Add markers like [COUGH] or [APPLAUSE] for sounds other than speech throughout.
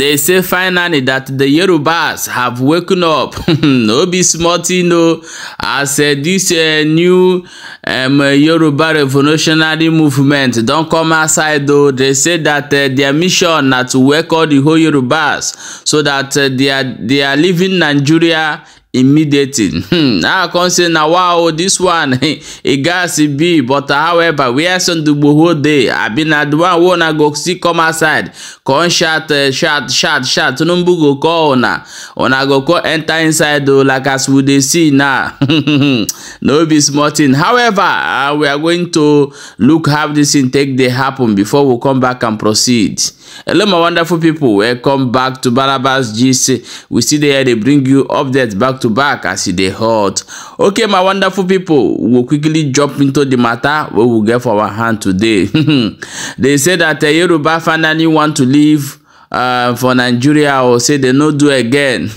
They say finally that the Yorubas have woken up. [LAUGHS] no be smarty, no. As uh, this uh, new um, Yoruba revolutionary movement don come outside though. They say that uh, their mission na to wake all the whole Yorubas so that uh, they, are, they are leaving Nigeria immediately hmm i come say na wow dis one e [LAUGHS] gas be but uh, however wia sundugboho dey abi na the one wey una go see come outside come shout uh, shout shout shout tinubu go call una una go call enter inside o like as we dey see now [LAUGHS] no be small thing however uh, we are going to look how this thing take dey happen before we come back and proceed. Hello, my wonderful people. Welcome eh, back to Balabas GC. We still there they bring you updates back to back as it they hot. Okay, my wonderful people, we'll quickly jump into the matter we will get for our hand today. [LAUGHS] they say that uh, Yoruba finally want to leave Uh, for nigeria o oh, say they no do again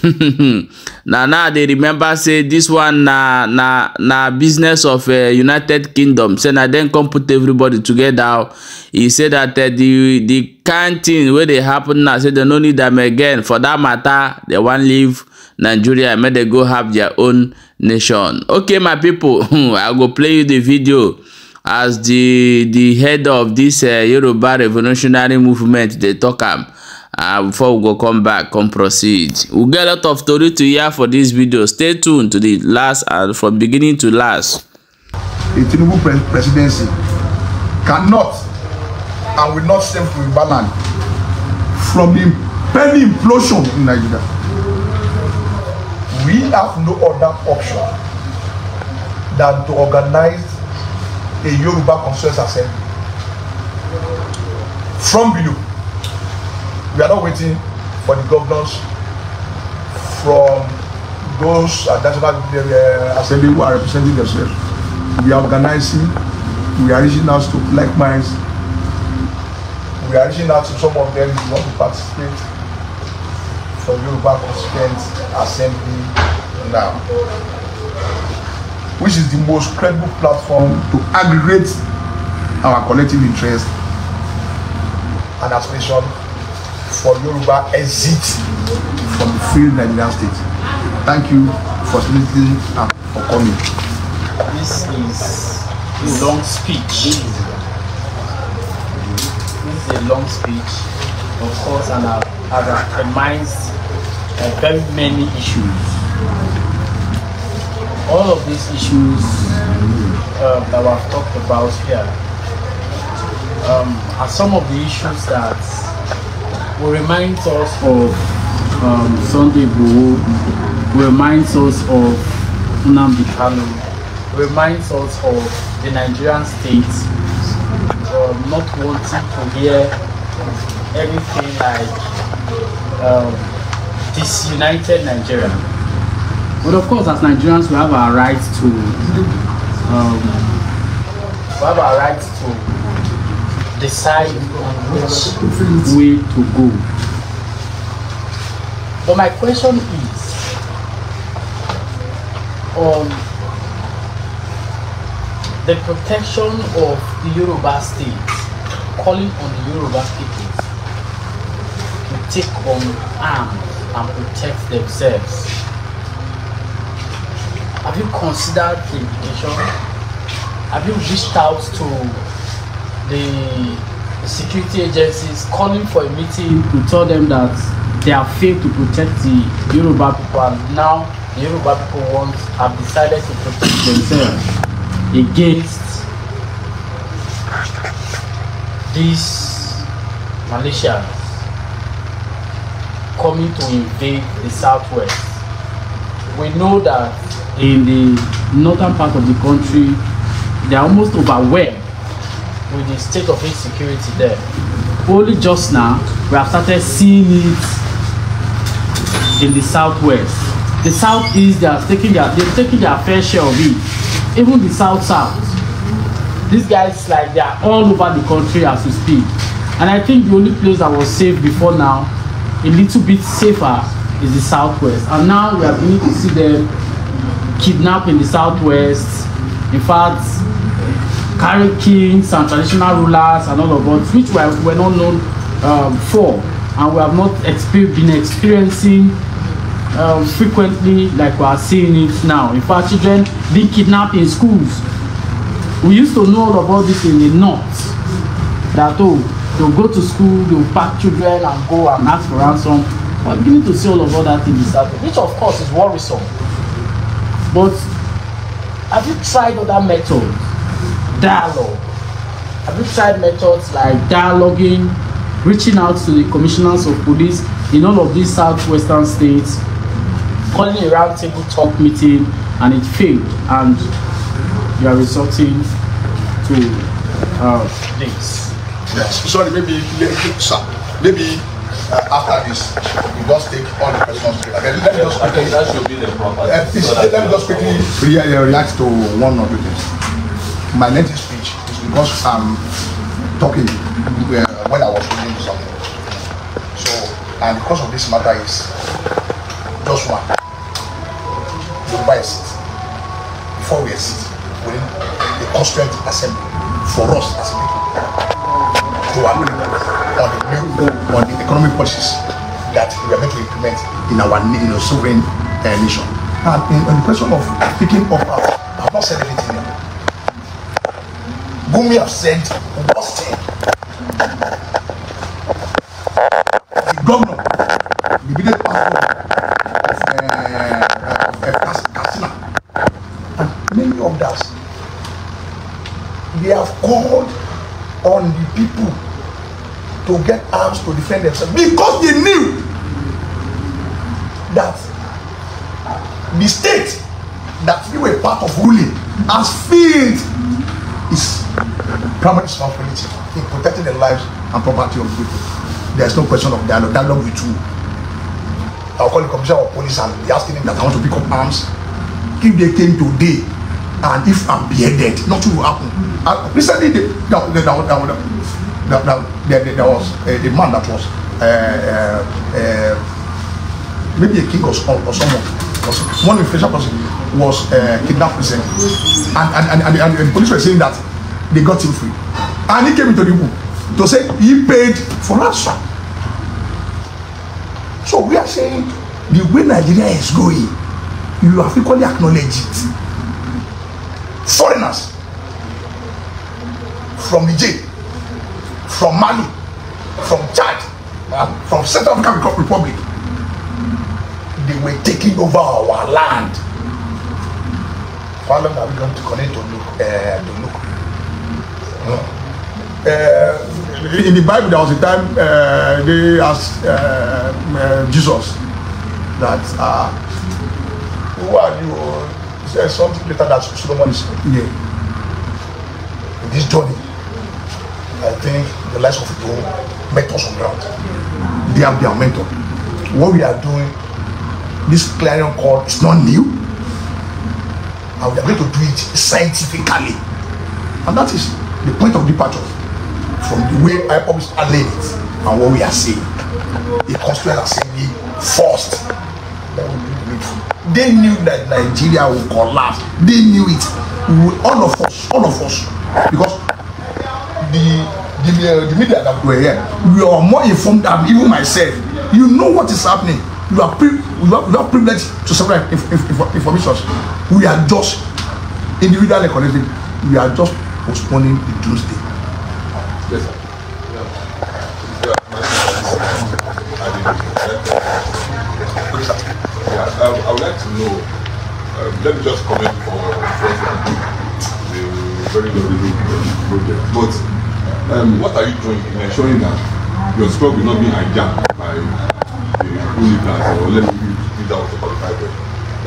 na now i dey remember say this one na na na business of uh, united kingdom say na dem come put everybody together oh. He e say that uh, the the kind thing wey dey happen now say they no need am again for that matter They wan leave nigeria make they go have their own nation okay my people [LAUGHS] i go play you the video as the the head of this uh, yoruba revolutionary movement dey talk am. Um, uh, before we go come back come proceed we get a lot of story to hear for this video stay tuned to the last and from beginning to last a tinubu pre presidency cannot and will not save to Ibalan from the penny implosion in nigeria we have no other option than to organize a yoruba consensus assembly from below we are not waiting for the governors from those at national uh, assembly who are representing themselves we are organizing we are reaching out to black minds we are reaching out to some of them who want to participate for Yoruba Constituent Assembly now which is the most credible platform to aggregate our collective interest and aspiration for Yoruba exit from the free Nigerian state. Thank you for listening and for coming. This is a long speech. This is a long speech, of course, and I've reminds uh, very many issues all of these issues uh, that we have talked about here um, are some of the issues that who reminds us of um, Sunday Igboho, reminds us of Nnamdi Kanu, reminds us of the Nigerian state um, not wanting to hear anything like um, disunited Nigeria. But of course, as Nigerians, we have our right to. Um, we have our right to decide on which way to go. But my question is on um, the protection of the Yoruba state, calling on the Yoruba people to take on arms and protect themselves. Have you considered the implication? Have you reached out to the security agencies calling for a meeting to tell them that they have failed to protect the Yoruba people and now the Yoruba people want have decided to protect themselves against these Malaysians coming to invade the southwest. We know that in the northern part of the country, they are almost overwhelmed with the state of insecurity there. Only just now we have started seeing it in the southwest. The southeast they are taking their they're taking their fair share of it. Even the south south. These guys like they are all over the country as we speak. And I think the only place that was safe before now, a little bit safer, is the southwest. And now we are beginning to see them kidnapped in the southwest. In fact, carry kings and traditional rulers and all of us, which we are, were not known um, for, and we have not exper- been experiencing um, frequently like we are seeing it now. In fact, children being kidnapped in schools. We used to know all about this in the north. That oh, they'll go to school, they'll pack children and go and ask for ransom. We're beginning to see all of all that things happen, which of course is worrisome. But have you tried other methods? dialogue. Have you tried methods like dialoguing, reaching out to the commissioners of police in all of these southwestern states, calling a roundtable talk meeting, and it failed, and you are resorting to uh, this? Yes. Sorry, maybe, maybe sir, maybe uh, after this, you just take all the responsibility. Okay, let me just quickly, uh, let me just quickly uh, react to one or two things. my lengthy speech is because I'm talking uh, when I was reading something. So, and because of this matter is just one. Yoruba is it. Before we exist, we need a constant assembly for us as people to agree on the new, on the economic policies that we are meant to implement in our in our sovereign uh, nation. And in, in the question of picking up, I've not said anything whom you have sent was the governor, the biggest pastor of, uh, of uh, Katsina, and many others. They have called on the people to get arms to defend themselves because they knew that the state that we were part of ruling has failed its primary responsibility in protecting the lives and property of people. There's no question of dialogue. Dialogue with you. I'll call the commissioner of police and be asking him that I want to pick up arms. If they came today and if I'm beheaded, nothing will happen. And recently, there, there, there, there, there, there, there, there was a, eh, a man that was uh, uh, maybe a king or, or, someone, or one influential person was uh, kidnapped recently. And, and, and, and, and the police were saying that they got him free. And he came into the womb to say he paid for ransom. So we are saying the way Nigeria is going, you have equally acknowledged it. Foreigners from Niger, from Mali, from Chad, from Central African Republic, they were taking over our land. How long are we going to connect to look? Uh, eh, to look? Uh, in the Bible, there was a time uh, they asked uh, uh, Jesus that uh, who are you? He said something later that Solomon is here. In this journey, I think the lives of people us on ground. They have their mentor. What we are doing, this clarion call is not new. And we are going to do it scientifically. And that is the point of departure from the way I always laid it and what we are saying. The Constituent Assembly forced They knew that Nigeria would collapse. They knew it. all of us, all of us, because the the, uh, the media that were here, we are more informed than even myself. You know what is happening. You are pre, you are, you are privileged to supply inf, inf, inf, information. We are just individually collective. We are just postponing the doomsday. Yes, sir. Yeah, um, I would like to know. Um, let me just comment for first the very lovely project. But um, what are you doing in ensuring that your stock will not be hijacked by the hooligans or let me read out the qualified?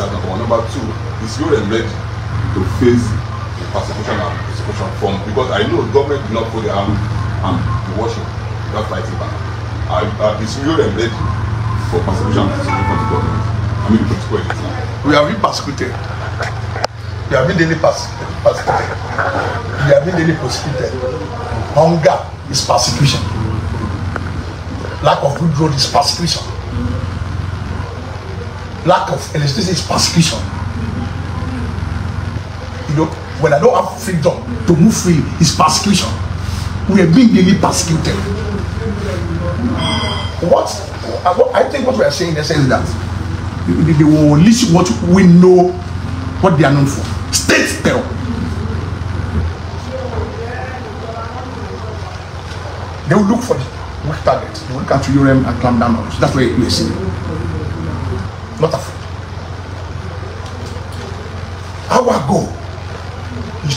That number one. Number two, is your and ready to face the persecution because I know government do not put the army and the worship that fighting back. I, I it's real and ready for persecution to the government. I mean, the political We have been persecuted. We have been daily persecuted. We have been daily persecuted. Hunger is persecution. Lack of good road is persecution. Lack of electricity is persecution when I don't have freedom to move free, is persecution. We are being daily persecuted. Uh, what I think what we are saying in essence is that they will list what we know, what they are known for. State terror. They will look for the weak target. They will look at Urem and clamp down on us. That's where you are seeing.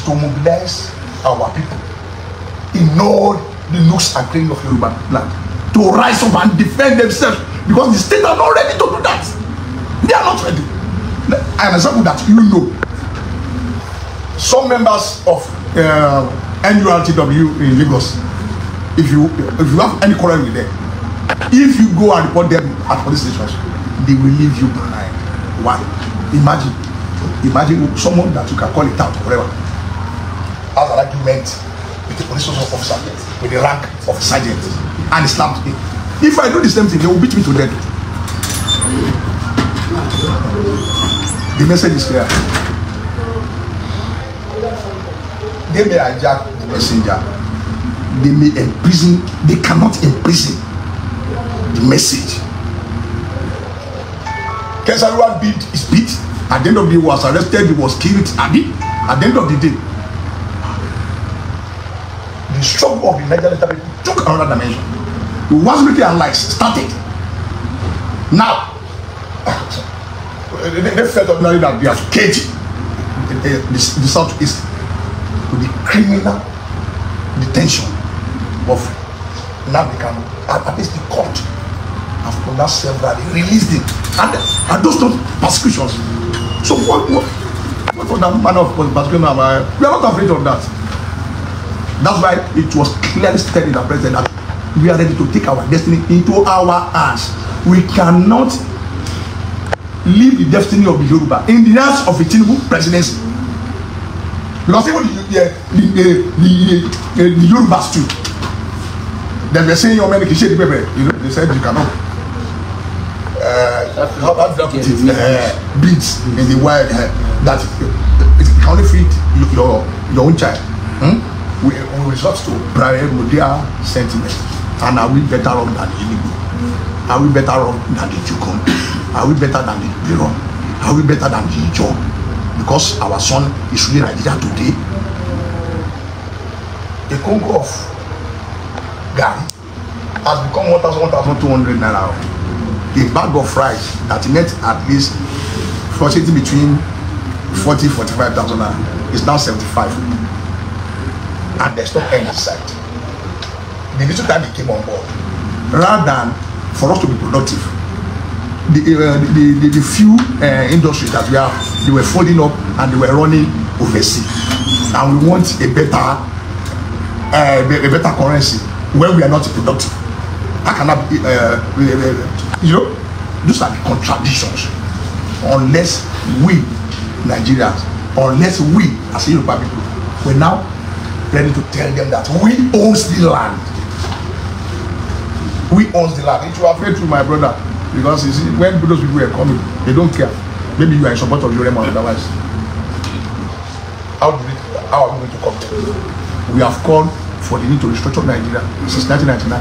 to mobilize our people in all the nooks and crannies of Yoruba land to rise up and defend themselves because the state are not ready to do that. They are not ready. An example that you know. Some members of uh, NURTW in Lagos, if you if you have any quarrel with them, if you go and report them at police stations, they will leave you behind. Why? Imagine, imagine someone that you can call it out or whatever has an argument with a police officer with the rank of sergeant and slapped me. If I do the same thing, they will beat me to death. The message is clear. They may hijack the messenger. They may imprison. They cannot imprison the message. Kesaruwa beat is beat. At the end of the day, was arrested. He was killed. Abi, at the end of the day, the struggle of the Niger Delta people took another dimension. The Wasmiki allies started. Now, they, [LAUGHS] they felt ordinarily that they have caged the, the, the Southeast with the criminal detention of can, at least the court have pronounced several, released it. And, and those not persecutions. So, what, what, what for that manner of persecution We are not afraid of that. That's why it was clearly stated in the president that we are ready to take our destiny into our hands. We cannot leave the destiny of the Yoruba in the hands of a Tinubu presidency. Because even the, the, the, the, the, the Yorubas too, they were saying, Your men you should You know, they said you cannot. Uh, how about that with Uh, beats in the world uh, that it can only feed your, your own child. Hmm? we will resort to primordial sentiment and are we better off than the Igbo are we better off than the Jukun are we better than the Biron are we better than the Ijaw because our son is ruling Nigeria today the Congo of Ghana has become one thousand one thousand two hundred naira a bag of rice that net at least fluctuating between forty forty five thousand naira is now seventy five and there's no end in sight. The little time he came on board, rather than for us to be productive, the uh, the, the, the few uh, industries that we have, they were folding up and they were running overseas. And we want a better uh, a better currency when we are not productive. I cannot, uh, uh, you know, those are the contradictions. Unless we, Nigerians, unless we as Yoruba people, we now Ready to tell them that we own the land. We own the land. It will affect you, my brother, because you see, when those people are coming, they don't care. Maybe you are in support of Yorema otherwise. How, do we, how are we going to come? We have called for the need to restructure Nigeria since 1999.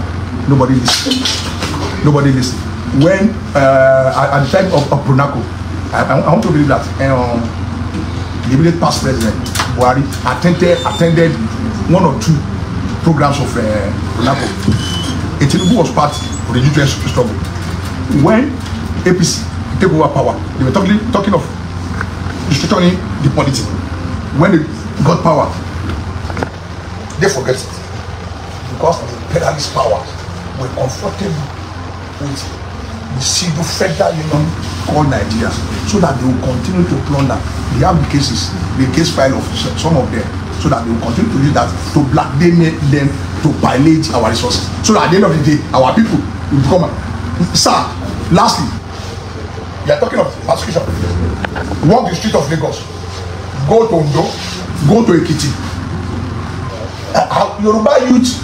Nobody listened. Nobody listened. When, uh, at the time of, of Brunaco, I, I want to believe that um, the immediate past president, Buhari, attended, attended one or two programs of uh, eh, Renapo. Etinubu was part of the u 2 struggle. When APC take over power, they were talking, talking of restricting the polity. When they got power, they forget it. Because the imperialist power were comfortable with the pseudo federal union called Nigeria so that they will continue to plunder. They have the cases, the case file of some of them so that they will continue to use that to blackmail them to pilot our resources so that at the end of the day our people will become sir lastly you are talking of persecution walk the street of Lagos go to Ondo go to Ekiti uh, Yoruba youth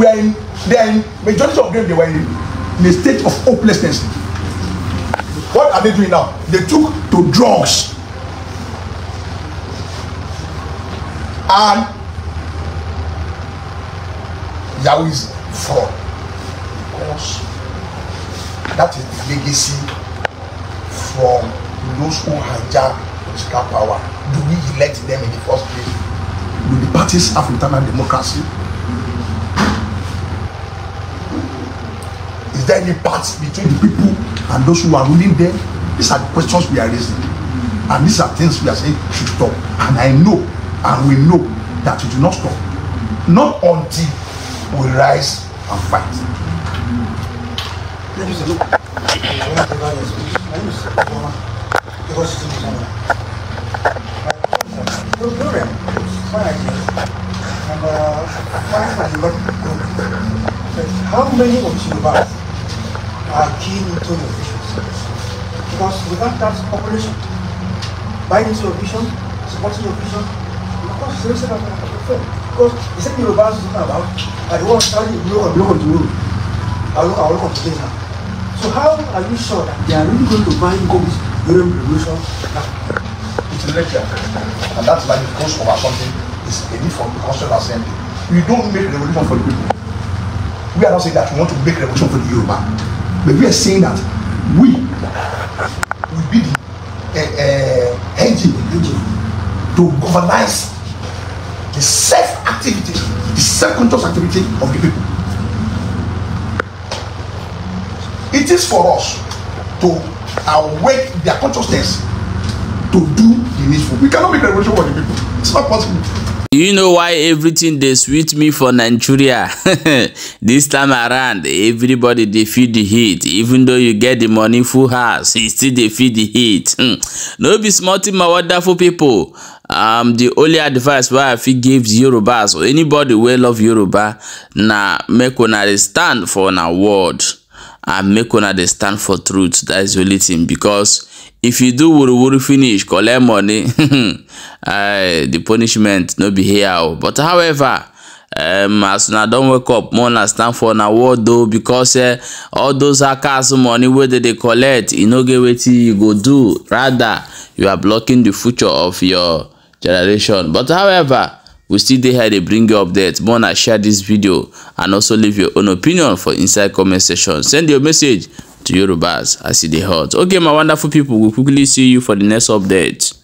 we are in they are in majority of them they were in, in a state of hopelessness what are they doing now they took to drugs and Yahweh is fraud because that is the legacy from those who hijack political power do we elect them in the first place do the parties have internal democracy is there any part between the people and those who are ruling them these are the questions we are raising and these are things we are saying should stop and i know and we know that we do not stop not until we rise and fight. How many of you are keen to the vision? Because without that population, buying into your vision, supporting your vision, ṣeré ṣe máa tẹ̀lé fẹ́ because ìṣe kí yorùbá sùn náà báwọn àdúgbò sáré ìlú ọ̀dọ́ ìlú ọ̀dọ́ àwọn àwọn ọ̀dọ́ náà so how are you sure that they are really going to buy gold during the revolution now. intellectual and that's why the cost of our something is a need for the constitutional assembly we don't make revolution for the people we are not saying that we want to make revolution for the Yoruba but we are saying that we will be the uh, uh, engine, engine to governize the self activity the self conscious activity of the people it is for us to awake their consciousness to do the needful we cannot make revolution for the people it's not possible Do you know why everything they sweet me for nigeria [LAUGHS] this time around everybody they feed the heat even though you get the money full house you still they feed the heat hmm. no be smarting my wonderful pipo um The only advice wey i fit give Yoruba or anybody wey love yoruba now make una dey stand for an award and make una dey stand for truth That is the only tin becos if you do wuruwuru finish collect money uh, [LAUGHS] the punishment no be here oh. but however um, as una don wake up more una stand for una word though because uh, all those hackers money wey dey dey collect e no get wetin you go do rather you are blocking the future of your generation but however we still dey here dey bring you update more una share this video and also leave your own opinion for inside comment section send your message to Yorubas as e dey hot. Okay, my wonderful people, we'll quickly see you for the next update.